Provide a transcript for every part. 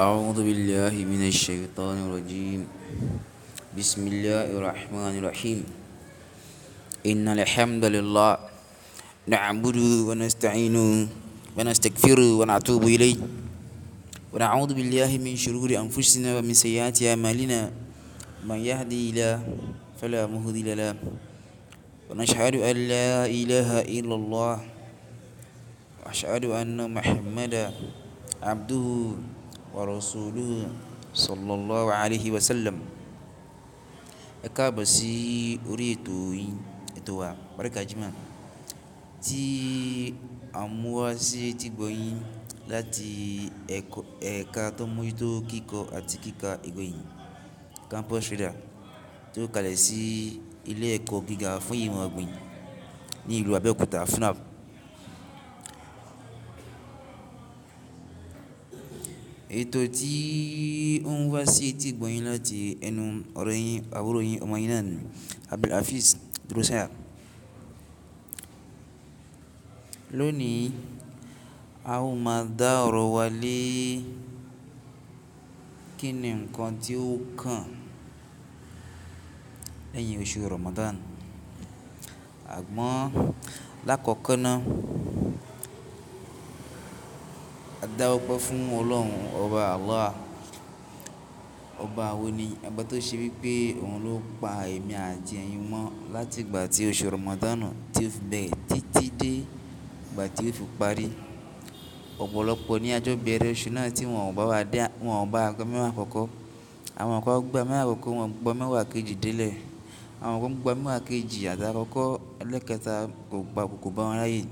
أعوذ بالله من الشيطان الرجيم بسم الله الرحمن الرحيم إن الحمد لله نعبد ونستعين ونستغفره ونتوب إليه ونعوذ بالله من شرور أنفسنا ومن سيئات أعمالنا من يهدي الله فلا مهدي له ونشهد أن لا إله إلا الله وأشهد أن محمدا عبده ورسوله صلى الله عليه وسلم ẹ káàbọ̀ sí orí ètò yín ètò wa Baríka Jimoh tí a mú wá sí etí gbọ̀yìn láti ẹ̀ka tó mójútó kíkọ àti kíka ìgbẹ̀yìn campus reader tó kalẹ̀ sí ilé ẹ̀kọ́ gíga fún ìmọ̀ ọ̀gbìn ní ìlú Abẹ́òkúta FUNAB ètò tí ó ń wá sí etí ìgbọ̀nyín láti ẹnu ọ̀rẹ́ yín àbúrò yín ọmọ yín náà ni Abdulhafiz Durosaya. Lónìí, a ó máa dá ọ̀rọ̀ wa lé kí ni nǹkan tí ó kàn lẹ́yìn oṣù Ramadan. Àgbọ́n lákọ̀ọ́kọ́ ná adáwọ́pẹ́ fún ọlọ́run ọba Allah ọba wo ni ọba tó ṣe wípé òun ló pa èmi àti ẹ̀yin mọ́ láti ìgbà tí oṣù Ramadan tí ó fi bẹ̀rẹ̀ títí dé ìgbà tí ó fi parí ọ̀pọ̀lọpọ̀ ní àjọ bẹ̀rẹ̀ oṣù náà tí wọn ò bá wà dé wọn ò bá àgbọ̀ mẹ́wàá àkọ́kọ́ àwọn kan gba mẹ́wàá àkọ́kọ́ wọn gbọ́ mẹ́wàá kejì délẹ̀ àwọn kan gba mẹ́wàá kejì àtàkọ́kọ́ ẹlẹ́kẹta kò gbà kò bá wọn ráyè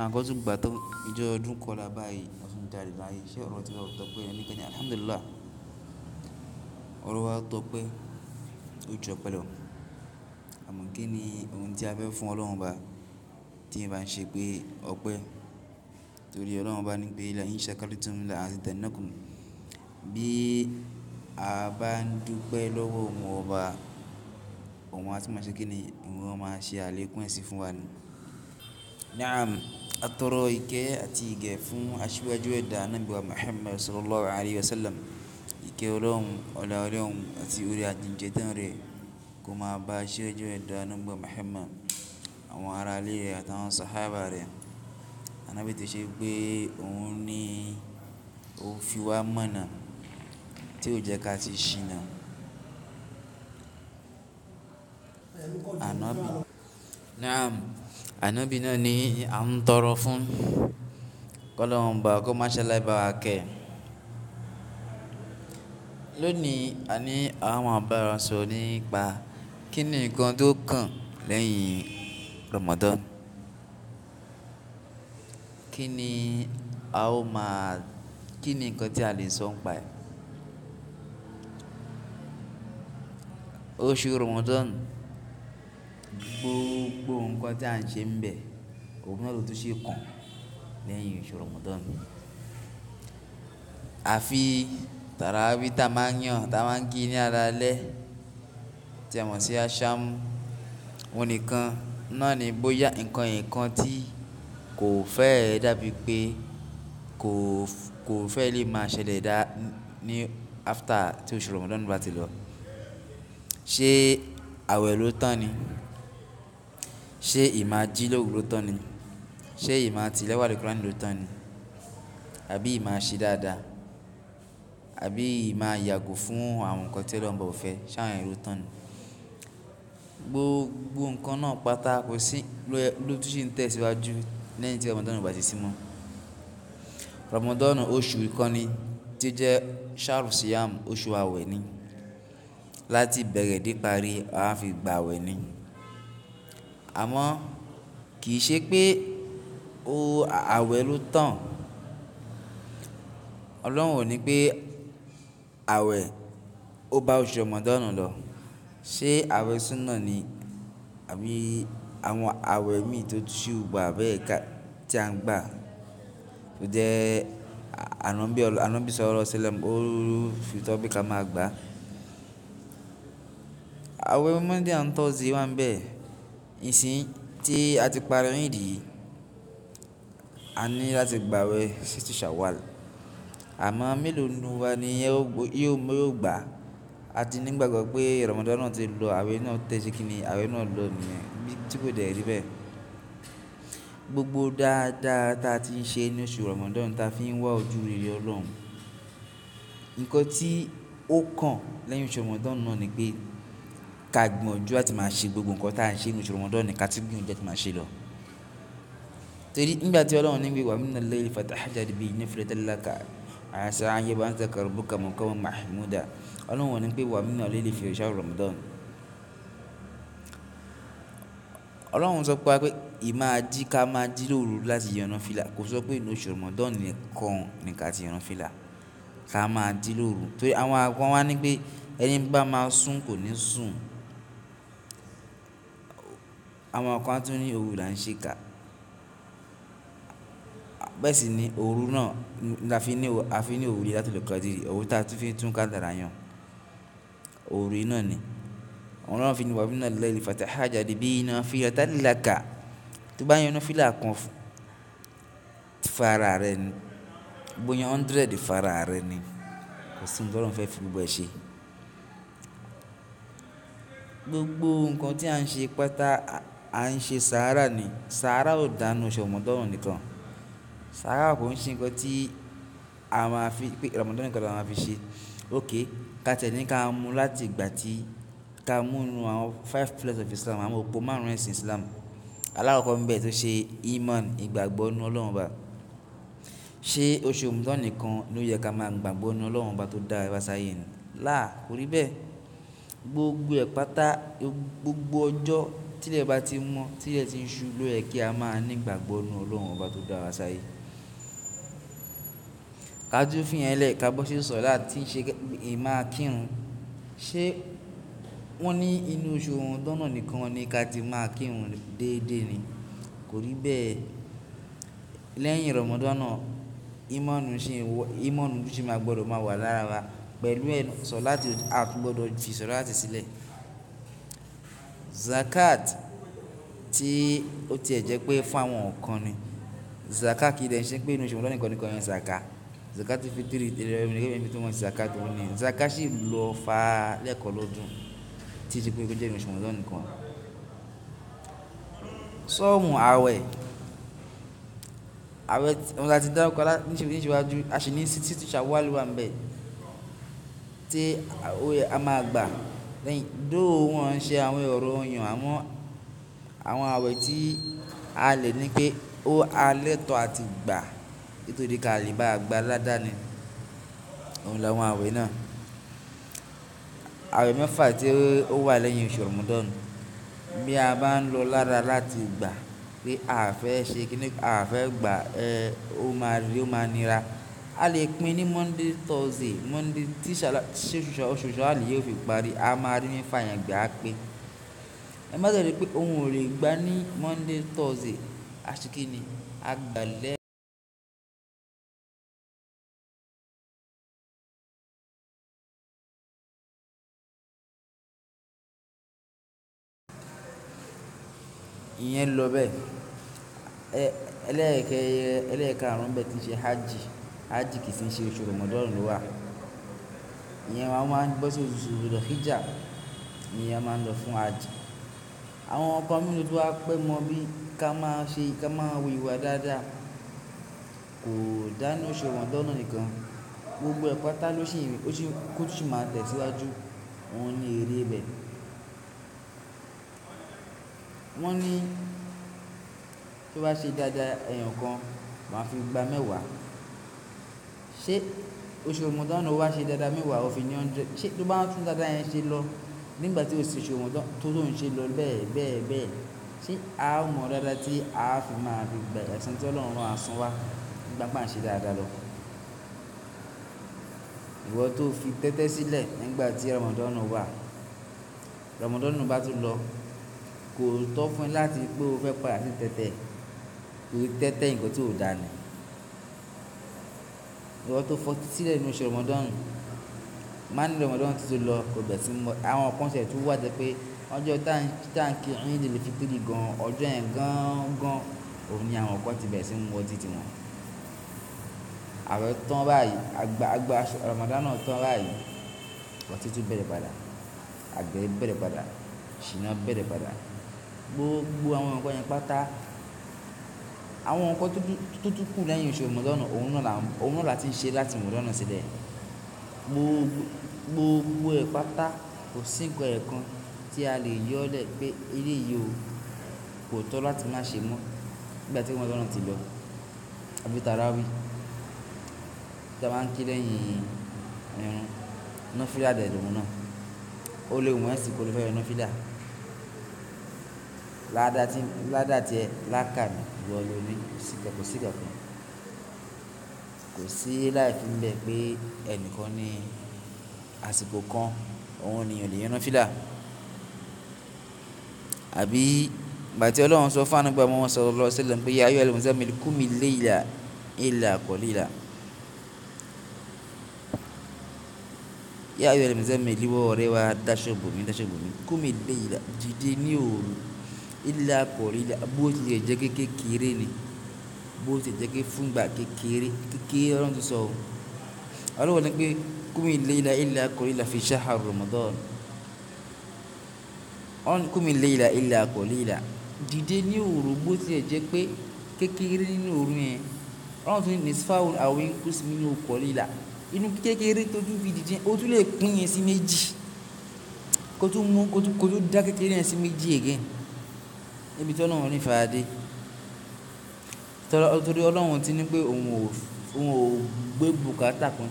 àwọn kan tún gbà tó ìjọ ọdún kọlà báyìí jáde láyé ṣé ọ̀rọ̀ tí wọ́n tọpẹ́ ẹni kan alhamdulillah ọ̀rọ̀ wa tọpẹ́ ó jọ pẹ́lọ àmọ́ kí ni ohun tí a fẹ́ fún ọlọ́run bá tí ẹ bá ń ṣe pé ọpẹ́ torí ọlọ́run bá ní pé la in shakartum la azidannakum bí a bá ń dúpẹ́ lọ́wọ́ òun ọba òun á tún máa ṣe kí ni òun máa ṣe àlékún ẹ̀sìn fún wa ni. naam atọrọ ìkẹ́ àti ìgẹ̀ fún aṣíwájú ẹ̀dá Ànábì wa Muhammad sallallahu alayhi wa sallam ìkẹ́ ọlọ́run ọlá ọlọ́run àti orí àjíǹde tán rẹ̀ kó máa bá aṣíwájú ẹ̀dá Ànábì wa Muhammad àwọn ará ilé rẹ̀ àtàwọn sàhábà rẹ̀ Ànábì tó ṣe pé òun ní ó mọ̀nà tí ò jẹ́ ká ti ṣìnà. Ànábì. Naam. Ànábì náà ni à ń tọrọ fún. Kọ́lọ́hun bá kó má ṣaláì bá wa kẹ́. Lónìí, a ní a máa nípa kí ni tó kàn lẹ́yìn Ramadan. Kí ni a ó máa, kí ni nǹkan tí a lè sọ ń pa Oṣù Ramadan gbogbo nǹkan tí à ń ṣe ń bẹ, òun náà ló tún ṣe kàn lẹ́yìn oṣù Ramadan. Àfi tàràwí ta máa ń yàn, ta máa ń kí ní alaalẹ́ tí a mọ̀ sí aṣámú. Òun nìkan náà ni bóyá nǹkan ẹ̀ẹ̀kan tí kò fẹ́ dàbí pé kò, kò fẹ́ lè máa ṣẹlẹ̀ dá ní after tí oṣù Ramadan bá ti lọ. Ṣé àwẹ̀ ló tán ni? ṣé ìmá jí lówùúrọ̀ tán ni ṣé ìmá tilẹ̀ wà lè kúránì lóòótọ́ ni àbí ìmá ṣe dáadáa àbí ìmá yàgò fún àwọn nǹkan tí Ọlọ́run bọ̀ fẹ́ ṣáwọn èrò tán ni gbogbo nǹkan náà pátá kò sí ló tún ṣe ń tẹ̀síwájú lẹ́yìn tí Ramadan bá ti sí mọ́ Ramadan oṣù ìkọ́ni tí jẹ́ sharu siyam oṣù àwẹ̀ ni láti bẹ̀rẹ̀ dé parí àá fi gbà àwẹ̀ ni àmọ́ kì í ṣe pé ó àwẹ̀ ló tàn. Ọlọ́run ò ní pé àwẹ̀ ó bá oṣù Ramadan lọ. Ṣé àwẹ̀ súnà ni àbí àwọn àwẹ̀ mí tó ṣì wà bẹ́ẹ̀ ká tí à ń gbà tó jẹ́ ànábì ànábì sallallahu alaihi wasallam ó fi tọ́ pé ká máa gbà. Àwẹ̀ Monday and Thursday wà ń bẹ́ẹ̀. Ìsìn tí a ti parí Eid yìí, a ní láti gbàwẹ̀ sittu Shawwal. Àmọ́ mélòó nínú wa ni yóò gbà? A ti ní ìgbàgbọ́ pé Ramadan náà ti lọ, àwẹ̀ náà dẹ̀ ṣe kíni, àwẹ̀ náà lọ nìyẹn tí kò dẹ̀ rí bẹ́ẹ̀. Gbogbo dáadáa ta ti ń ṣe ní oṣù Ramadan ta fi ń wá ojú rere Ọlọ́run. Ǹkan tí ó kàn lẹ́yìn oṣù Ramadan náà ni pé ká gbìyànjú àti máa ṣe gbogbo nǹkan tá à ń ṣe ní oṣù Ramadan ká tún gbìyànjú àti máa ṣe lọ. torí nígbà tí Ọlọ́run ní wíwà min al-layli fatahajjad bihi nafilatan laka asa an yab'athaka rabbuka maqaman mahmuda Ọlọ́run ní pé wà min al-layli fi shahr Ramadan. Ọlọ́run sọ pé pé ìmáa jí ká máa jí lóru láti yẹnu fìlà kò sọ pé ní oṣù Ramadan ẹni bá máa sùn kò ní sùn Àwọn kan tún ní òru là ń ṣe kà. Bẹ́ẹ̀ sì ni òru náà la fi ní, a fi ní òru Laylatul Qadr, òru ta tún fi tún kádàrá yàn. Òru iná ni. Ọlọ́run fi ní wa minal layli fatahajjad bihi nafilatan laka. Tó bá yan náfílà kan fara rẹ ni. Bo yan hundred fara rẹ ni. Kò sí ohun tí Ọlọ́run fẹ́ fi gbogbo ẹ̀ ṣe. Gbogbo nǹkan tí à ń ṣe pátá à ń ṣe sàárà ni sàárà ò dánú oṣù Ramadan nìkan sàárà kò ń ṣe nǹkan tí a máa fi pé Ramadan nìkan la máa fi ṣe ok ká tẹ̀lé ká mú láti ìgbà tí ká mú nu àwọn five pillars of Islam àwọn òpó márùn ẹ̀sìn Islam alákọ̀ọ́kọ́ ń bẹ̀ tó ṣe iman ìgbàgbọ́ nu Ọlọ́run ọba ṣé oṣù Ramadan nìkan ló yẹ ká máa gbàgbọ́ nu Ọlọ́run ọba tó dá ẹwà sáyé ni láà kò rí bẹ́ẹ̀ gbogbo ẹ̀ pátá gbogbo ọjọ́ tílẹ̀ bá ti mọ́ tílẹ̀ ti ń ṣú ló yẹ kí a máa nígbàgbọ́ nínú ọlọ́run ọba tó dára sáyé kájú fi hàn lẹ̀ ká bọ́ sí sọ̀lá tí ń ṣe ìmá kírun ṣé wọ́n ní inú oṣù Ramadan nìkan ni ká ti máa kírun déédéé ni kò rí bẹ́ẹ̀ lẹ́yìn Ramadan ìmọ̀nù ṣì máa gbọ́dọ̀ máa wà lára wa pẹ̀lú ẹ̀ sọ̀lá àti àtúgbọ́dọ̀ fi sọ̀lá àti sílẹ̀ zakat tí ó tiẹ̀ jẹ́ pé fún àwọn nǹkan ni zakat kì í dẹ̀ ṣe pé inú ìṣòwò lọ́nà ìkọ́ni yẹn zaka zakat fi tiri ìrẹ̀ ẹ̀mí nígbà wọ́n ti zakat wọn ni zakat sì lọ fa lẹ́kọ̀ọ́ lọ́dún tí ìṣe pé kó jẹ́ inú ìṣòwò lọ́nà kan. sọ́ọ̀mù àwẹ̀ àwẹ̀ wọn láti dá ọkọ̀ níṣẹ́wájú a sì ní títí ṣàwálùwà ń bẹ̀ tí a máa gbà lẹ́yìn dó wọn ń ṣe àwọn ọ̀rọ̀ oyan àwọn àwọn àwẹ̀ tí a lè ní pé ó alẹ́tọ̀ àti gbà nítorí ká lè bá gba ládàáni òun làwọn àwẹ̀ náà àwẹ̀ mẹ́fà tí ó wà lẹ́yìn oṣù rọ̀mọdọ́nù bí a bá ń lọ lára láti gbà pé àfẹ́ ṣe kíní àfẹ́ gbà ẹ ó máa rí ó máa nira a lè pín ní Monday Thursday Monday tí oṣù Ṣawwal yóò fi parí a máa rí ní fàyàngbà pé ẹ má tẹ̀lé pé òun ò lè gbá ní Monday Thursday àṣìkíni àgbàlẹ́. ìyẹn lọ bẹ́ẹ̀ ẹlẹ́ẹ̀kẹ́ ẹlẹ́ẹ̀karùn-ún bẹ́ẹ̀ ti ṣe hajj hajj kì í ṣe oṣù ramadan ló wà ìyẹn wọn máa ń bọ́ sí oṣù rẹ̀ hijab ìyẹn máa ń lọ fún hajj àwọn ọkọ̀ mímu tó wá pẹ́ mọ bí ká máa ṣe ká máa wo ìwà dáadáa kò dání oṣù ramadan nìkan gbogbo ẹ̀ pátá ló sì kó tó sì máa tẹ̀síwájú òun ní eré ibẹ̀ wọ́n ní tó bá ṣe dáadáa ẹ̀yàn kan màá fi gba mẹ́wàá ṣé oṣù Ramadan wá ṣe dáadáa mẹ́wàá ó fi ní hundred ṣé tó bá tún dáadáa yẹn ṣe lọ nígbà tí oṣù oṣù Ramadan tó tó ń ṣe lọ bẹ́ẹ̀ bẹ́ẹ̀ bẹ́ẹ̀ ṣé a ó mọ̀ dáadáa tí a fi máa fi gbà ẹ̀san tí Ọlọ́run rán asán wá nígbà pà ń ṣe dáadáa lọ. ìwọ tó fi tẹ́tẹ́ sílẹ̀ nígbà tí Ramadan wà Ramadan bá tún lọ kò tọ́ fún ẹ láti pé o fẹ́ padà sí tẹ́tẹ́ kò tẹ́tẹ́ nǹkan tí ò dáa ni ìwọ tó fọtí sílẹ̀ nínú oṣù rọmọdọ́nù máa ní rọmọdọ́nù tó tó lọ kò bẹ̀ sí mọ́ àwọn kan ṣẹ̀ tó wà jẹ́ pé ọjọ́ táǹkì ẹ̀yìn lè fi péré gan ọjọ́ yẹn gángan òun ni àwọn kan ti bẹ̀ sí mọ́ títí wọn. ààrẹ tán báyìí àgbà àgbà rọmọdọ́nù tán báyìí ọtí tún bẹ̀rẹ̀ padà àgbẹ̀ bẹ̀rẹ̀ padà ṣìnà bẹ̀rẹ̀ padà gbogbo àwọn nǹkan yẹn pátá àwọn nǹkan tó tún kù lẹ́yìn oṣù Ramadan òun náà là òun náà láti ń ṣe láti Ramadan sílẹ̀ gbogbo ẹ̀ pátá kò sí nǹkan ẹ̀ kan tí a lè yọ ọ́ lẹ̀ pé eléyìí o kò tọ́ láti má ṣe mọ́ nígbà tí Ramadan ti lọ àbí tàràwì tí a máa ń kí lẹ́yìn irun nọ́fìlà dẹ̀ lòun náà ó lè wọ́n ẹ̀sìn kó ló fẹ́ yọ nọ́fìlà ládàá tiẹ̀ lákàmì ìwọ ló ní kò sí kankan kò sí kankan kò sí láì fi ń bẹ pé ẹnìkan ní àsìkò kan òun nìyàn lè yan fìlà àbí bàtí ọlọ́run sọ fún ànúgbà mọ́ wọn sọ lọ sílẹ̀ pé ayọ́ ẹlẹ́wọ̀n sẹ́mi kú mi lé ìlà ìlà kọ̀lílà. yá ayọ́ ẹlẹ́wọ̀n sẹ́mi líwọ́ ọ̀rẹ́ wa dáṣọ bòmí dáṣọ bòmí kú mi lé ìlà dìde ní òru. Ilá kọ̀rílà bó tilẹ̀ jẹ́ pé kékeré ni, bó tilẹ̀ jẹ́ pé fún ìgbà kékeré, kékeré Ọlọ́run ti sọ ọ́. Ọlọ́run ní pé qumil layla illa qalila fi shahri Ramadan. Ọlọ́run ní qumil layla illa qalila. Dìde ní òru bó tilẹ̀ jẹ́ pé kékeré nínú òru yẹn. Ọlọ́run tún ní nisfahu aw inqus minhu qalila. Inú kékeré tó tún fi dìde, ó tún lè pín yẹn sí méjì. Kó tún mú, kó tún dá kékeré yẹn sí méjì again níbi tí ọlọ́run ní fàádé torí ọlọ́run ti ní pé òun ò òun ò gbé bùkátà kan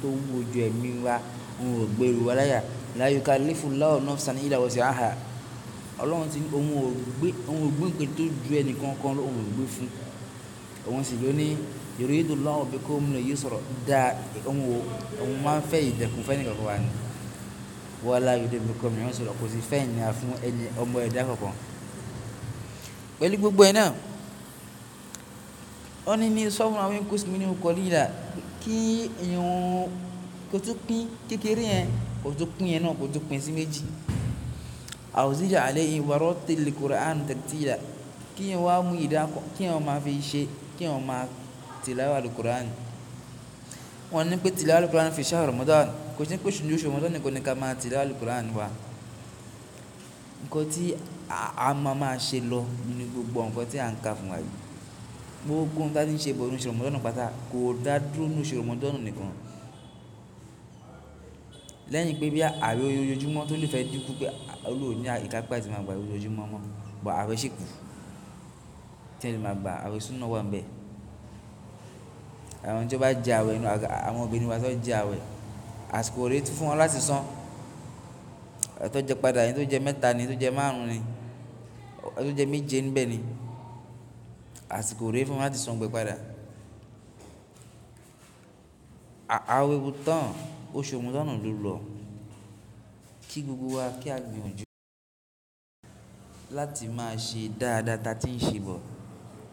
tó wúwo ju ẹ̀mí wa òun ò gbèrú wa láyà láyùká lífúláwọ̀ náà sani ìlàwọ̀ sí àhà ọlọ́run ti ní òun ò gbé nǹkan tó ju ẹnì kankan lọ òun ò gbé fún òun sì ló ní yòròyìndò lọ́wọ́ bí kò múlò yìí sọ̀rọ̀ dáa òun máa ń fẹ́ ìdẹ̀kùn fẹ́ nìkan kan wà ní wọ́n láyò débi kọ́ mi wọ́n sọ̀rọ̀ kò sí fẹ́ ìnira fún ọmọ ẹ̀dá kankan pẹ̀lú gbogbo ẹ̀ náà wọ́n ní ní sọ́wọ́n àwọn ẹ̀kọ́ sí mi ní ọkọ̀ líla kí èèyàn kò tún pín kékeré yẹn kò tún yẹn náà kò sí méjì àwòsíjà àlẹ́ yìí wàrọ́ tẹ̀lé Qur'an tartila kí èèyàn wá mú ìdá kí èèyàn máa fi ṣe kí èèyàn máa tìláwà lù Qur'an wọ́n ní pé tìláwà lù Qur'an fi ṣáà Ramadan kò sí pé ṣùjú ṣùgbọ́n tó ní kò ní ká máa tìláwà lù Qur'an wa nǹkan tí a máa máa ṣe lọ nínú gbogbo nǹkan tí à ń kà fún wa yìí gbogbo nǹkan tí ń ṣe bọ̀ ní oṣù rọmọdọ́nù pátá kò dá dúró ní oṣù rọmọdọ́nù nìkan lẹ́yìn pé bí ààrẹ ojoojúmọ́ tó lè fẹ́ dínkù pé olóò ní ìkápá àti máa gbà ojoojúmọ́ mọ́ bọ̀ ààrẹ ṣì kù tí wọ́n lè máa gbà ààrẹ súnà wà ń bẹ̀ àwọn tí ó bá jẹ ààwẹ̀ àwọn obìnrin wa tó jẹ ààwẹ̀ àsìkò rèé fún wọn láti san ẹ̀tọ́ jẹ padà ní tó jẹ mẹ́ta ní tó jẹ márùn-ún ni ọdún tó jẹ́ méje níbẹ̀ ni àsìkò rèé fún láti san gbẹ padà àwọn ewu tán oṣù mọ́tọ́nà ló lọ kí gbogbo wa kí a gbìyànjú láti máa ṣe dáadáa tá ti ń ṣe bọ̀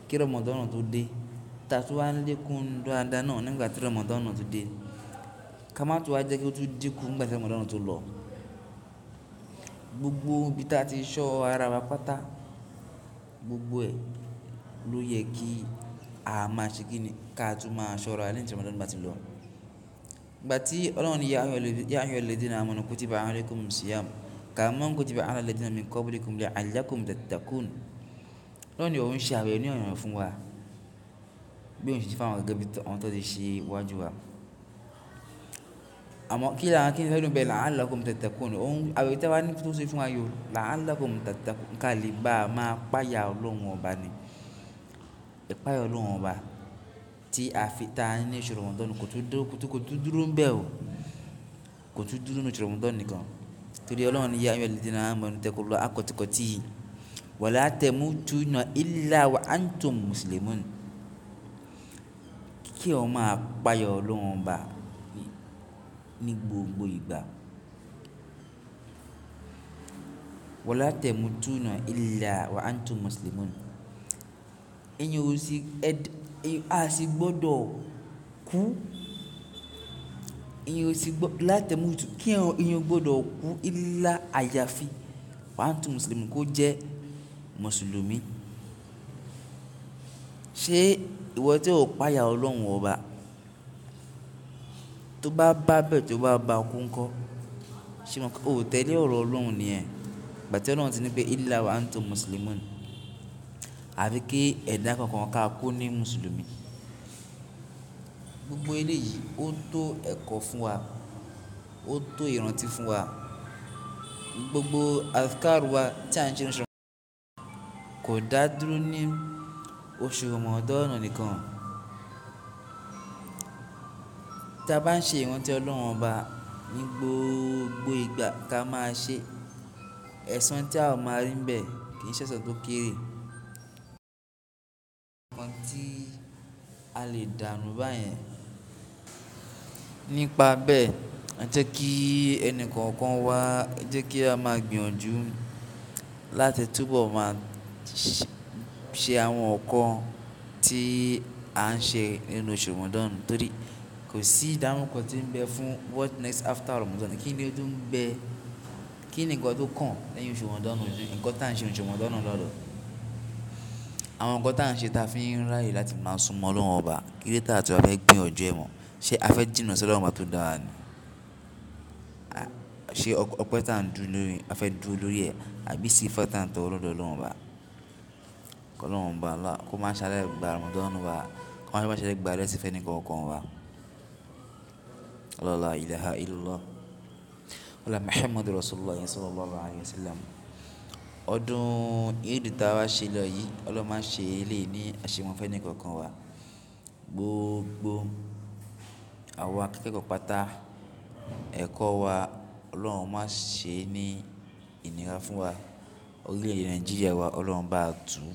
kí rọmọdọ́nà tó dé tá a tún wá ń lékún dáadáa náà nígbà tí rọmọdọ́nà tó dé ká má tún wá jẹ́ kí ó tún dínkù nígbà tí rọmọdọ́nà tó lọ gbogbo ibi tá a ti ṣọ́ ara wa pátá Gbogbo ẹ̀ ló yẹ kí a máa ṣe kíni ká tún máa ṣọ́ra lẹ́yìn tí Ramadan bá ti lọ. Ìgbà tí Ọlọ́run ní yá ayyuhal ladhina amanu kutiba alaykumus siyam kama kutiba alal ladhina min qablikum la'allakum tattaqun. Ọlọ́run ní òun ṣe àwẹ̀ ní ọ̀ranyàn fún wa bí òun ṣe fún gẹ́gẹ́ bí àwọn tó ti ṣe iwájú wa àmọ́ kí làwọn kí ni fẹ́ẹ́ dùn bẹ́ẹ̀ la'allakum tattaqun òun àwẹ̀ tí a wá ní tó ṣe fún ayò la'allakum tattaqun ká lè bá a máa páyà ọlọ́run ọba ni ìpáyà ọlọ́run ọba tí a fi ta ní oṣù Ramadan kò tún dúró ń bẹ̀ o kò tún dúró ní oṣù Ramadan nìkan torí ọlọ́run yá ayọ̀ lè dínà àmọ́ taqullaha haqqa tuqatihi wala tamutunna illa wa antum muslimun kí ọ máa páyà ọlọ́run ọba ní gbogbo ìgbà. Wala tamutuna illa wa antum muslimun. Ẹ̀yin ò sì, a sì gbọ́dọ̀ kú. Ẹ̀yin ò sì gbọ́, la tamutu, kí ẹ̀yin ò gbọ́dọ̀ kú illa àyàfi wa antum muslimun kó jẹ́ Mùsùlùmí. Ṣé ìwọ tí ò páyà Ọlọ́run ọba? tó bá bá bẹ̀ tó bá ba kú ńkọ́ ṣé mo kọ́ ò tẹ́lẹ̀ ọ̀rọ̀ ọlọ́run nìyẹn gbàtẹ́ ọlọ́run ti ní pé illa wa antum muslimun àfi kí ẹ̀dá kankan ká kú ní mùsùlùmí gbogbo eléyìí ó tó ẹ̀kọ́ fún wa ó tó ìrántí fún wa gbogbo azkar wa tí à ń ṣe ń ṣe kò dá dúró ní oṣù mọ̀ọ́dọ́nù nìkan. Tí a bá ń ṣe ìrántí Ọlọ́run Ọba ní gbogbo ìgbà ká máa ṣe, ẹ̀san tí a ó máa rí bẹ́ẹ̀ kì í ṣe ẹ̀san tó kéré. Ǹkan tí a lè dànù báyẹn. Nípa bẹ́ẹ̀, ẹ jẹ́ kí ẹni kọ̀ọ̀kan wá, ẹ jẹ́ kí a máa gbìyànjú láti túbọ̀ máa ṣe àwọn nǹkan tí à ń ṣe nínú oṣù torí kò sí ìdáhùn kan tí ń bẹ fún what next after Ramadan kí ni ó tún bẹ kí ni nǹkan tó kàn lẹ́yìn oṣù Ramadan ju nǹkan tá à ń ṣe oṣù Ramadan lọ́dọ̀ àwọn nǹkan tá à ń ṣe tá a fi ń ráyè láti máa súnmọ́ Ọlọ́run ọba kí ló tà àti wàá fẹ́ gbìn ọjọ́ ẹ̀ mọ́ ṣé a fẹ́ jìnnà sí Ọlọ́run ọba tó dára ni ṣé ọpẹ́ tá à ń dúró lórí a fẹ́ dúró lórí ẹ̀ àbí sí ifá tá à ń tọ́ ọlọ́dọ̀ Ọlọ́run ọba kọ́ Ọlọ́run ọba kó má ṣàlẹ̀ gba Ramadan ọba la ilaha illallah wala muhammadu rasulullah sallallahu alaihi wasallam. sallam ọdún ìdí tá a wá ṣe lọ yìí ọlọ́mọ ṣe eléyìí ní àṣemọ́fẹ́ ní kọ̀ọ̀kan wa gbogbo àwọn akẹ́kọ̀ọ́ pátá ẹ̀kọ́ wa ọlọ́run má ṣe ní ìnira fún wa orílẹ̀-èdè nàìjíríà wa ọlọ́run bá a tù ú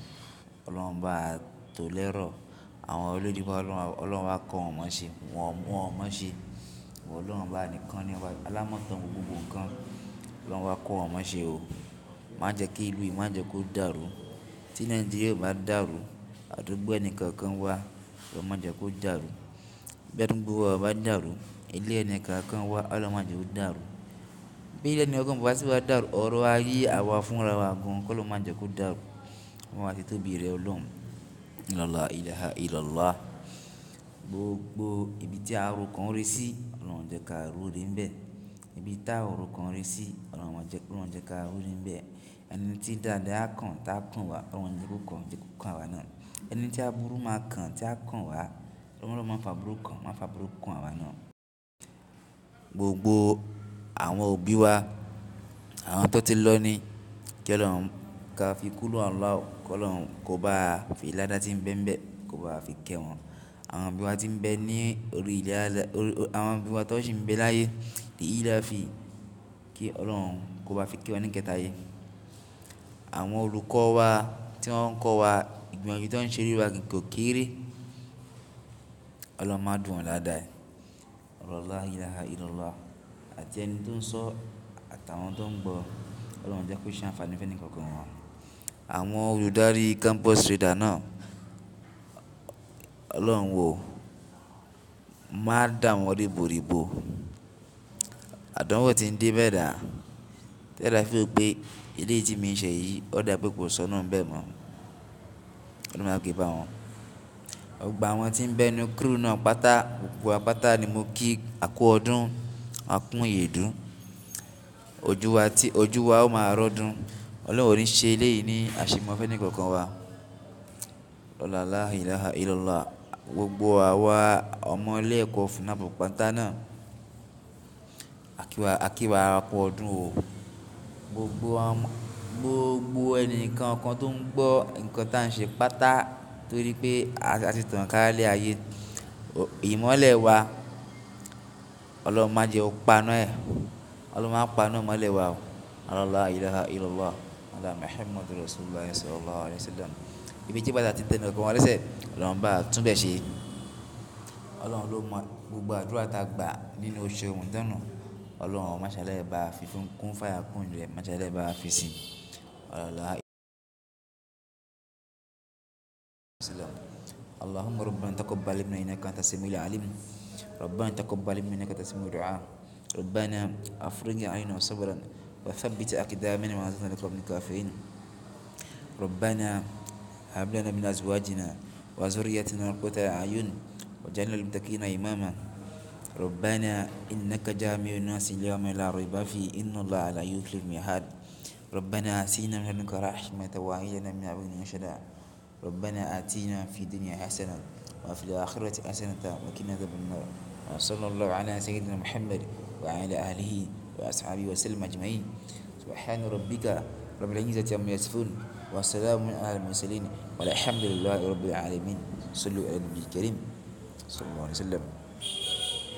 ọlọ́run bá a tò lẹ́rọ̀ àwọn olódìbò ọlọ́run wa kọ́ wọn mọ́ ṣe wọn mọ́ ṣe. But Ọlọ́run bá nìkan ni alámọ̀tán gbogbo nǹkan. Ọlọ́run wá kọ́ wa mọ́ṣẹ́ o. Má jẹ́ kí ìlú yìí má jẹ́ kó dàrú. Tí Nàìjíríà ò bá dàrú, àdúgbò ẹni kankan wà, Ọlọ́run má jẹ́ kó dàrú. Bí àdúgbò wa ò bá dàrú, ilé ẹni kankan wà, Ọlọ́run má jẹ́ ó dàrú. Bí ilé ẹni kankan bá sì wá dàrú, ọ̀rọ̀ ayé àwa fúnra wa gan, kọ́ Ọlọ́run má jẹ́ kó dàrú. Ọlọ́run àti tóbi rẹ Ọlọ́run. La ilaha illallah. Gbogbo ibi tí a kan rí sí. Ọlọ́run jẹ́ ká ròde ń bẹ. Ibi tá ọ̀rọ̀ kan rí sí, Ọlọ́run jẹ́ ká ròde ń bẹ. Ẹni tí dáadáa á kàn tá kàn wá, Ọlọ́run jẹ́ kó kàn jẹ́ kó kàn wá náà. Ẹni tí aburú máa kàn tí á kàn wá, Ọlọ́run má fa aburú kàn, má fa aburú kàn wá náà. Gbogbo àwọn òbí wa, àwọn tó ti lọ ní kí Ọlọ́run ká fi kúrò Ọlọ́run, kí Ọlọ́run kó bá fi ládá tí ń bẹ ń bẹ, kó bá fi kẹ́ wọn àwọn òbí wa tí ń bẹ ní orí ilẹ̀ alá-- àwọn òbí wa tó sì ń bẹ láyé ní ilẹ̀ fi kí Ọlọ́run kó bá fi kẹ́ wọn ní ìkẹta ayé. Àwọn olùkọ́ wa tí wọ́n ń kọ́ wa ìgbìyànjú tó ń ṣe lórí kò kéré. Ọlọ́run máa dùn wọ́n ládàá ẹ. Ọ̀rọ̀ lá àti ẹni tó ń sọ àtàwọn tó ń gbọ́ Ọlọ́run jẹ́ kó ṣe àǹfààní fún ẹnì kọ̀ọ̀kan wọn. Àwọn olùdarí campus radar náà. Ọlọ́run o, má dà wọ́n rìbòrìbò. Àdánwò tí ń dé bá ẹ̀dá, tí ẹ̀dá fi wò pé eléyìí tí mi ń ṣe yìí, ó dà pé kò sọ́nà ń bẹ̀ mọ́. Ọlọ́run máa kí bá wọn. Gbogbo àwọn tí ń bẹ nínú crew náà pátá, gbogbo wa pátá ni mo kí a kú ọdún, a kú ìyèdún. Ojú wa tí, ojú wa ó máa rọ́dún. Ọlọ́run ò ní ṣe eléyìí ní àṣemọ́ fẹ́nì kankan wa. Ọlá lá ilaha gbogbo àwa ọmọ ilé ẹ̀kọ́ FUNAB pátá náà a kí wa kú ọdún o gbogbo gbogbo ẹnìkan kan tó ń gbọ́ nǹkan tá à ń ṣe pátá torí pé a ti tàn kálẹ̀ ayé ìmọ́lẹ̀ wa ọlọ́run má jẹ́ paná ẹ̀ ọlọ́run má paná ìmọ́lẹ̀ wa o alọ́lá ilaha illallah ala muhammadu rasulillah sallallahu alayhi wa sallam ibi tí bàtà ti tẹnu ọkàn wọn lẹ́sẹ̀ ọlọ́run bá túnbẹ̀ ṣe ọlọ́run ló mọ gbogbo àdúrà tá a gbà nínú oṣù mọ̀tẹ́nù ọlọ́run máṣálẹ̀ bá a fi fún kún fàyà kún rẹ̀ máṣálẹ̀ bá a fi sìn ọ̀làlá. اللهم ربنا تقبل منا انك انت السميع العليم ربنا تقبل منا انك انت السميع الدعاء ربنا افرج علينا صبرا وثبت اقدامنا وعزنا لك من الكافرين ربنا هب لنا من أزواجنا وذريتنا قرة أعين وجعلنا للمتقين إماما ربنا إنك جامع الناس اليوم لا ريب فيه إن الله لا يخلف الميعاد ربنا آتينا من لدنك رحمة وهيئنا من أمرنا رشدا ربنا آتينا في الدنيا حسنة وفي الآخرة حسنة وقنا عذاب النار وصلى الله على سيدنا محمد وعلى آله وأصحابه وسلم أجمعين سبحان ربك رب العزة عما يصفون وسلام على المرسلين والحمد لله رب العالمين صلوا على النبي الكريم صلى الله عليه وسلم